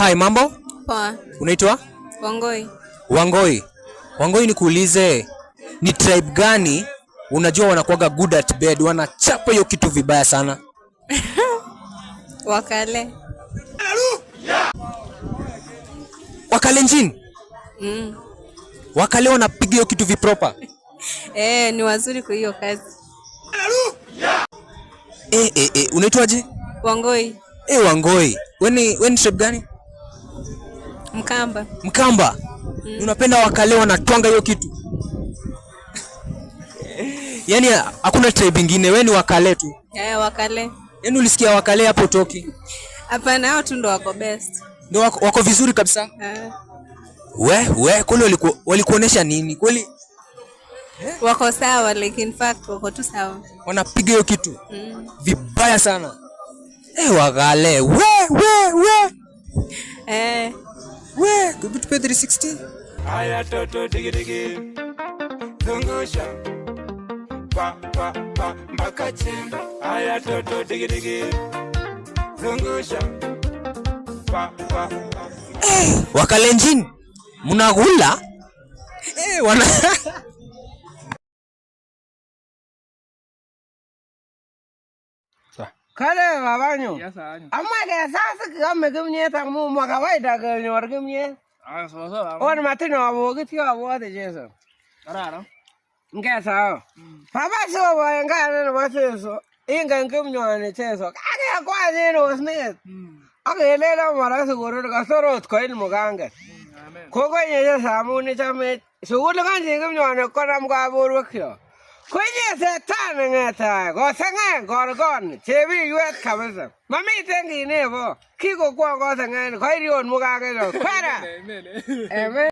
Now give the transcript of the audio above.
Hi, mambo? Poa. Unaitwa? Wangoi. Wangoi. Wangoi, ni kuulize ni tribe gani unajua wanakuaga good at bed, wanachapa hiyo kitu vibaya sana? Wakale. Wakale Wakalenjin. Mm. Wakale wanapiga hiyo kitu vipropa. Eh, ni wazuri kwa hiyo kazi. Eh, eh, eh, unaitwaje? Wangoi. Eh, Wangoi. Wewe ni wewe ni tribe gani? Mkamba. Mkamba. Mm. Unapenda wakale wanatwanga hiyo kitu. Yaani hakuna tribe nyingine, wewe ni wakale tu. Eh, wakale. Yaani ulisikia wakale hapo toki? Hapana, hao tu ndo wako best. Ndio wako, wako vizuri kabisa. Eh. We, we, kule waliku, walikuonesha nini? Kweli eh? wako sawa, like in fact wako tu sawa. Wanapiga hiyo kitu mm. vibaya sana. Eh, wakale we, we, we. Eh. FP 360. Haya toto digi digi. Hey, Wakalenjin hey, wana kale yes, kimnyet mu kenyor kimnyet Ah, só, só. Olha, mate não, vou que tio, a vou até Jesus. Caralho. Inga sao. Papa so wa inga ne wa se so. Inga inga mnyo ne che so. Ka ke kwa ne no sne. Ake le la mara s o goro ka sorot ko il muganga. Amen. Ko ko ye sa mu ni cha me. s o ko le kan je inga mnyo ne ko ram ka bor o a kyo. คุณยังจะทานเองใช่ก็สั่งก่อนก่อนเชฟยูเอสขับรถมาไม่เต็มที่เนี่ยบ่ขี้กูกลัวก็สั่งงั้นคอยรีวิวมุกอะไรก็ได้ไปละเอเม